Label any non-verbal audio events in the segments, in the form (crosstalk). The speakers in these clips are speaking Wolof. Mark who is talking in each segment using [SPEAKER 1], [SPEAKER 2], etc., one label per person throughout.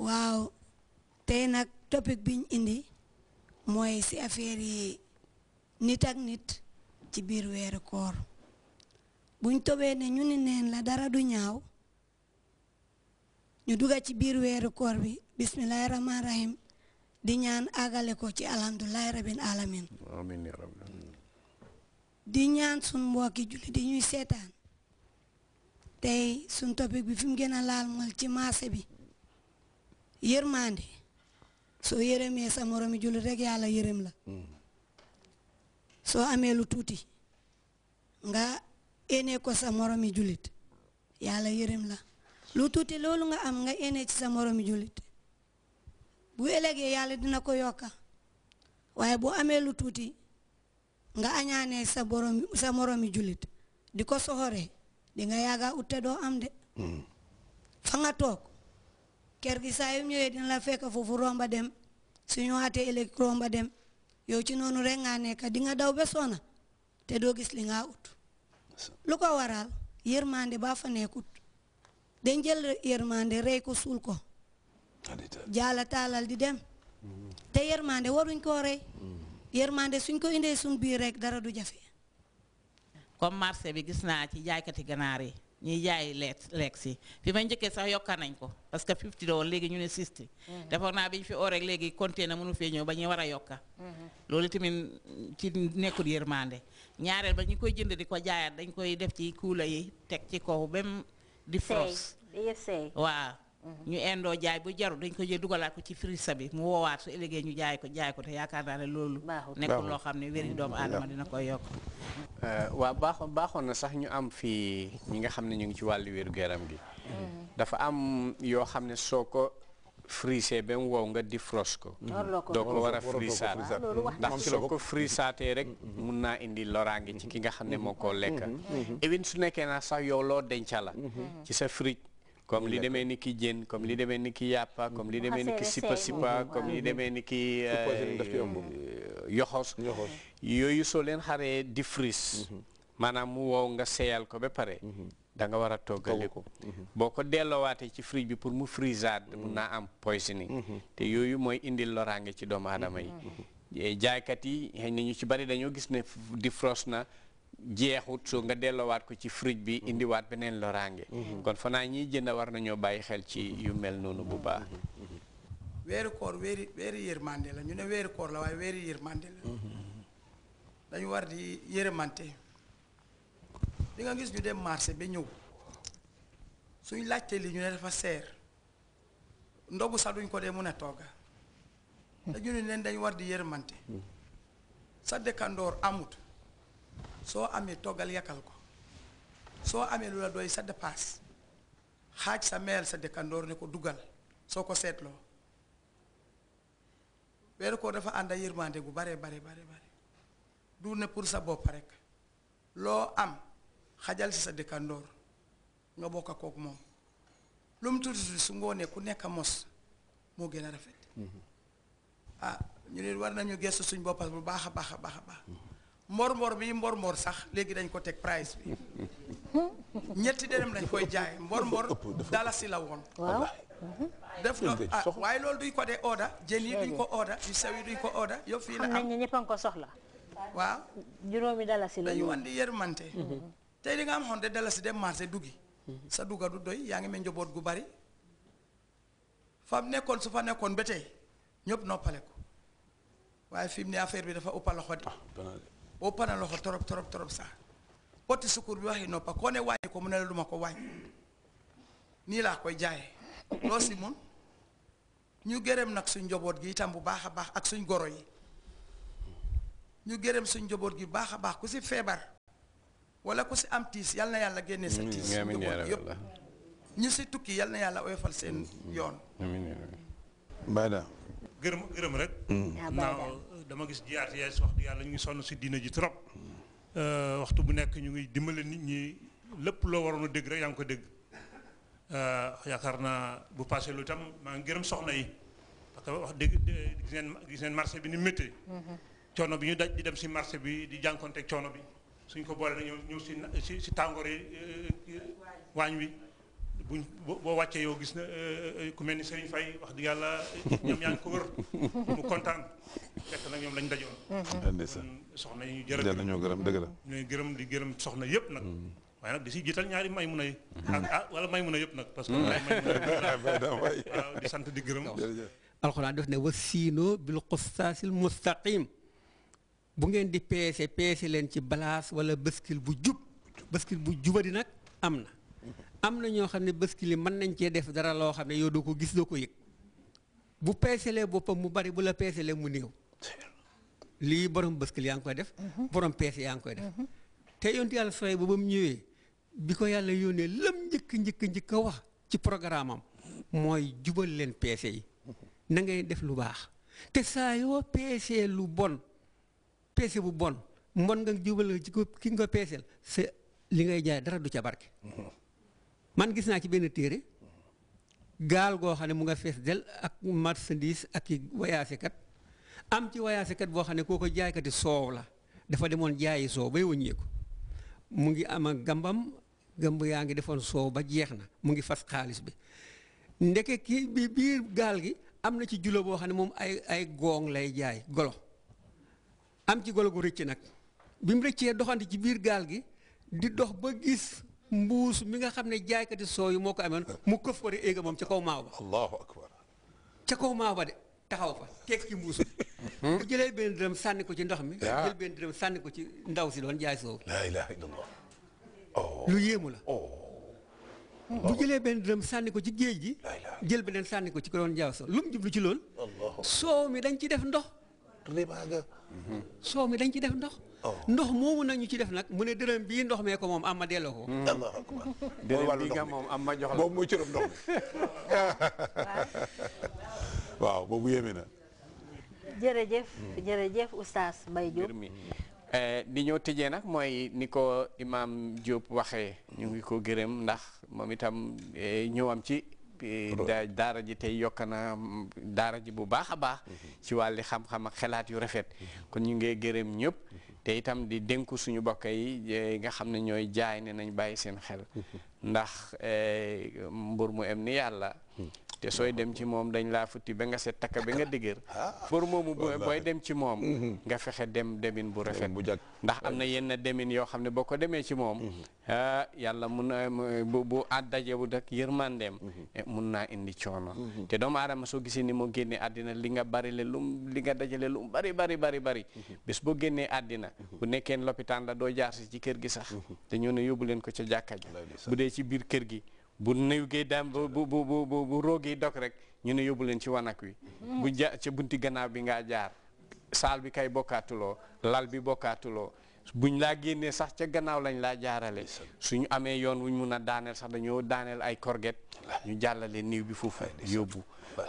[SPEAKER 1] waaw tey nag topic biñ indi mooy ci affaire yi nit ak nit ci biir weeru koor buñ tobee ne ñu ni neen la dara du ñaaw ñu dugga ci biir weeru koor bi bismillahi rahmaan rahim di ñaan agale ko ci alhamdulilahi rabbil alamin di ñaan sun mbokki julli di ñuy seetaan tey sun topic bi fi gën a laal mooy ci marché bi yérmandi so yërëmee sa moromi jullit rek yàlla yërëm la soo amee lu tuuti nga éenee ko sa moromi jullit yàlla yërëm la lu tuuti loolu nga am nga éenee ci sa moromi jullit bu ëllëgee yàlla dina ko yokka waaye bu amee lu tuuti nga añaanee sa boromi sa di ko soxoree di nga yàgga utte doo am de mm. fa nga toog ker gi saa yu ñëwee dina la fekk foofu romba dem suñu waatee ëllëg romba dem yow ci noonu rek nga nekk di nga daw ba sona te doo gis li nga ut lu ko waral yërmande baa fa nekkut dañ jël yërmande rey ko suul ko jaala taalal di dem te yërmande waruñ koo rey yërmande suñ ko indee suñ biir rek dara du jafe
[SPEAKER 2] comme marché bi gis naa ci jaaykati ganaar yi ñuy jaay leet lekk si fi may njëkkee sax yokka nañ ko parce que fifty la woon léegi ñu ne sixty mhm. defoon naa bi ñu fi oo rek léegi container mënu fee ñëw ba ñu war a yokka mhm. loolu tamit ci nekkul yërmande ñaareel ba ñu koy jënd di ko jaayaat dañ koy def ci kuula yi teg ci kaw bem di frost waaw ñu indoo jaay bu jaru dañ ko jël dugalaat ko ci frisa bi mu woowaat su ëllëgee ñu jaay ko jaay ko te yaakaar naa ne loolu nekkul loo xam ne wéri doomu dina koy yokk
[SPEAKER 3] euh, waaw baaxoon baaxoon na sax ñu am fii ñi nga xam ne ñu ngi ci wàllu wéru yaram gi
[SPEAKER 2] mm-hmm.
[SPEAKER 3] dafa am yoo xam ne soo ko frisé ba mu wow nga di defrost mm-hmm. ko doo ko war a frisaat ndax soo ko saate rek mm-hmm. mun naa indi loraange ci ki nga xam ne moo koo lekk even su nekkee naa sax yow loo denca la ci sa frige comme li demee ni ki jën comme li mm. demee ni ki yàppa comme li mm. demee ni ki sipa sipa comme li demee ni ki euh, euh, yoxos yooyu soo leen xaree di fris mm-hmm. maanaam mu wow nga seeyal ko ba pare mm-hmm. da nga war a toggale ko mm-hmm. boo ko delloowaatee ci frige bi pour mu frisade mun naa am poisoning te yooyu mooy indil loraange ci doomu aadama yi eh, jaaykat yi xëy na ci bari dañoo gis ne defrost na jeexut so nga dellowaat ko ci frige bi mhm. indiwaat beneen loraange mhm. Mhm. kon fanaa ñiy jënd war nañoo bàyyi xel ci yu mel noonu bu baax
[SPEAKER 2] weeru koor weeri yërmande la ñu ne weeru koor la waaye weeri yërmande la dañu war di yërmante li nga gis ñu dem marché ba ñëw suñ laajte li ñu ne dafa seer ndogu sax duñ ko dee mën a togga hmm. dañu ne leen dañu war di yërmante hmm. sa dëkkandoor amut soo amee toggal yakkal ko soo amee lu la doy sa dépasse xaaj sa meel sa dëkkandoor ne ko dugal soo ko seetloo weeru koor dafa ànd a yërmande gu bare bare bare bare du ne pour sa bopp rek loo am xajal si sa dëkkandoor nga bokk kook moom lu mu tuuti su ngoonee ku nekk mos moo gën a rafet mm-hmm. ah ñu ne war nañu gëstu suñ boppam bu baax a baax a baax a baax mm-hmm. mbor-mbor bi mbor-mbor sax léegi dañ ko teg price bi (laughs) ñetti dërëm lañ koy jaay mbor-mbor dalasi la woon. waaw def na ah waaye loolu ko dee order jën yi duñ ko order yu sew yi duñ ko order yow fii la am
[SPEAKER 1] ne waaw juróomi dalasi la ñu woon dañu andi
[SPEAKER 2] yërmante. Mhm. tey di nga am xonte dalasi dem marché duggi mhm. sa dugga du doy yaa ngi mel njaboot gu bari nekkoon su nekkoon ba tey ñëpp noppale ko waaye fi mu ne affaire bi dafa ëpp loxo di o pana loxo torop torop torop sax poti sukkur bi waxi noppa koo ne wàññi ko mu ne la duma ko wàññi nii laa koy jaayee loo si mun ñu gërëm nag suñ njaboot gi itam bu baax a baax ak suñ goro yi ñu gërëm suñ njaboot gi baax a baax ku si feebar wala ku si am tiis yal na yàlla génne sa tiis njaboot yëpp ñu si tukki yal na yàlla oyofal seen yoon. Bayda. gërëm gërëm dama gis jiyaat yaay
[SPEAKER 4] si wax yàlla ñu ngi sonn si diina ji trop euh, waxtu bu nekk ñu ngi dimbale nit ñi lépp loo waroon a dégg rek yaa ko dégg euh, yaakaar naa bu passé lu itam maa ngi gërëm soxna yi parce que wax dëgg gis ngeen gis ngeen marché bi ni méttee mm-hmm. coono bi ñu daj di dem si marché bi di jànkonteeg coono bi suñ ko boole na ñëw ñëw si si si euh, waañ wi buñ boo wàccee yow gis na euh, euh, euh, ku mel ni Serigne Faye wax dëgg yàlla ñoom yaa ngi ko wër mu kontaan fekk nag ñoom lañ dajoon. Mm-hmm.
[SPEAKER 3] Mm-hmm.
[SPEAKER 4] soxna yi ñu jërëjëf
[SPEAKER 3] ñoo gërëm dëgg la.
[SPEAKER 4] ñooy gërëm di gërëm soxna yëpp nag. Mm-hmm. waaye nag di si jiital ñaari may mun a yi. Ah, ah wala may mun a yëpp nag. parce que may mun (laughs) di sant di gërëm. alxuraan def ne wa siinoo bil qustaasil mustaqim bu ngeen di peese peese leen ci balaas wala bëskil bu jub bëskil bu jubadi nag am na. am na ñoo xam ne bëskili mën nañ cee def dara loo xam ne yow doo ko gis doo ko yëg bu peeselee boppam mu bari bu la peeselee mu néew lii borom bëskili yaa ngi koy def mhm. borom peese yaa ngi mhm. te yontu yàlla soy ba ba ñëwee bi ko yàlla yónnee lam njëkk njëkk njëkk wax ci programme am mooy jubal leen peese yi mhm. na ngay def lu baax te saa yoo peesee lu bon peese bu bon mbon nga jubal ci ki nga ko peeseel li ngay jaay dara du ca barke man gis naa ci benn téere gaal goo xam ne mu nga fees del ak marchandise ak i wayaasekat am ci wayaasekat boo xam ne koo ko jaaykati soow la dafa demoon jaayi soow bay wëññeeku mu ngi am ak gambam gamb yaa ngi defoon soow ba jeex na mu ngi fas xaalis bi ndeke ki bi biir gaal gi am na ci julo boo xam ne moom ay ay goong lay jaay golo am ci golo gu rëcc nag bi mu rëccee doxante ci biir gaal gi di dox ba gis mbuus mi nga xam ne jaaykati soow yi moo ko amoon mu këf ko de éega moom ca kaw maaw ba ca kaw maaw ba de taxaw fa teg ci mbuus bu hmm? jëlee benn dërëm sànni ko ci ndox mi benn dërëm sànni ko ci ndaw si doon jaay soow la ilaha illallah oh. lu yéemu la bu oh. jëlee benn dërëm sànni ko ci géej gi jël beneen sànni ko ci ko doon jaay soow lu mu jublu ci lool soow mi dañ ci def ndox soow mi dañ ci def ndox Oh. ndox moomu nañu ci def nag mu ne dërëm bii ndox mee ko moom am ma delloo ko. Mm. allah (laughs) dërëm bii nga moom am ma jox la boobu mooy cërëm
[SPEAKER 3] (laughs) boobu yéeme na.
[SPEAKER 1] jërëjëf mm. jërëjëf oustaz Mbaye Diop.
[SPEAKER 3] li eh, ñoo tëjee nag mooy ni ko imaam Diop waxee ñu ngi ko gërëm ndax moom itam eh, ñëwam ci. Eh, daara ji tey yokk na mm, daara ji bu baax a baax mm-hmm. ci wàlli xam-xam ak xelaat yu rafet mm-hmm. kon ñu ngi gërëm ñëpp mm-hmm. te itam di dénku suñu bokk yi eh, nga xam ne ñooy jaay ne nañu bàyyi seen xel (laughs) ndax eh, mbur mu em ni yàlla hmm. te sooy dem ci moom dañ laa futti ba nga set takka ba nga dëgër (laughs) ah. pour moomu booy dem ci moom mm-hmm. nga fexe dem demin bu rafet bu ndax am na yenn demin yoo xam ne boo ko demee ci moom mm-hmm. ah, yàlla mun bu bu àddaje bu dak yërmandeem mm-hmm. eh, mun naa indi coono te doomu aadama soo gisee ni moo génnee àddina li nga bari le lum li nga dajale lu bari bari bari bari bés boo génnee àddina bu nekkee lopitaan la doo jaar si ci kër gi sax te ñoo ne yóbbu leen ko ca jàkka ji bu dee ci biir kër gi bu néew gi dem bu bu bu bu roog yi dog rek ñu ne yóbbu leen ci wanak wi mm-hmm. bu ja ca bunti gannaaw bi ngaa jaar saal bi kay bokkaatuloo lal bi bokkaatuloo buñ laa génnee sax ca gannaaw lañ laa jaarale su ñu amee yoon wuñ mun a daaneel sax dañoo daaneel ay korget ñu jàllale niiw bi foofu yóbbu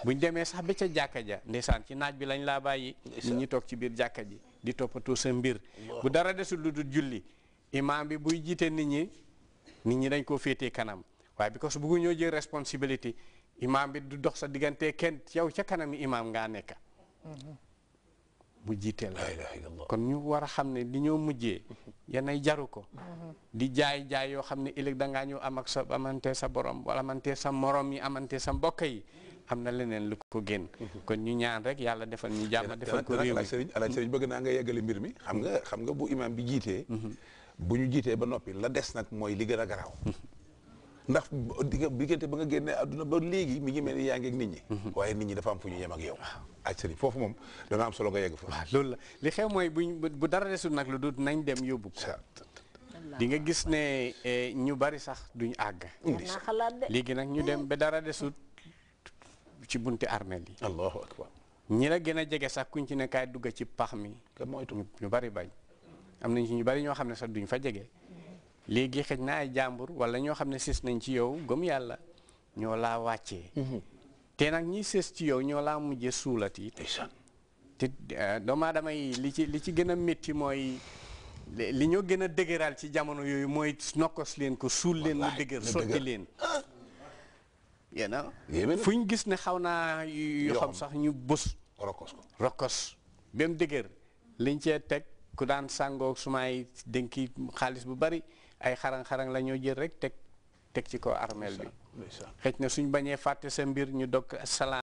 [SPEAKER 3] buñ demee sax ba ca jàkka ja nde ndeysaan ci naaj bi lañ laa bàyyi ñu ñi toog ci biir jàkka ji di toppatoo sa mbir bu dara desul lu dul julli imaam bi buy jiite nit ñi nit ñi dañ koo féetee kanam waaye because buggu ñoo jee responsibility imaam bi du dox sa diggante kenn yow ca kanami imaam ngaa nekk bu jiitee la kon ñu war a xam ne li ñoo mujjee yanay jaru ko di jaay-jaay yoo xam ne ëllëg dangaa ñëw am ak sa amante sa borom wala amante sa morom yi amante sa yi am na leneen lu ko génn kon ñu ñaan rek yàlla defal ñu jàmm defal ko réew mi alaaj sëriñ bëgg naa nga yeggale mbir mi xam nga xam nga bu imaam bi jiitee mhm. bu ñu jiitee ba noppi la des nag mooy li gën a garaaw mhm. ndax diggante ba nga génnee àdduna ba léegi mu ngi mel yaa ngi ak nit ñi mhm. waaye nit ñi dafa am fu ñu yem ak yow aj sëriñ foofu moom dana am solo nga yegg fa loolu la li xew mooy buñ bu dara desul nag lu dut nañ dem yóbbu ko di nga gis ne eh, ñu bari sax duñ àgg léegi nag ñu dem ba dara desul ci bunt armeel yi allahu akbar ñi la gën a jege sax kuñ ci ne kaay dugg ci pax mi ñu bari bañ am nañ ci ñu bari ñoo xam ne sax duñ fa jege léegi xëj na ay jàmbur wala ñoo xam ne sës nañ ci yow gëm yàlla ñoo laa wàccee mhm. te nag ñi sës ci yow ñoo laa mujjee suulat yi te euh, doomu aadama yi li ci li ci gën a métti mooy li ñoo gën a dëgëral ci jamono yooyu mooy nokkos leen ko suul leen mu dëgër sotti leen yéen fu ñu gis ne xaw naa yu xam sax ñu bës rokkos ko rokkos ba mu dëgër liñ teg ku daan sàngoo sumay dénki xaalis bu bari ay xarang-xarang la jël rek teg teg ci ko armeel bi xëj na suñ bañee fàtte sa mbir ñu dog salaam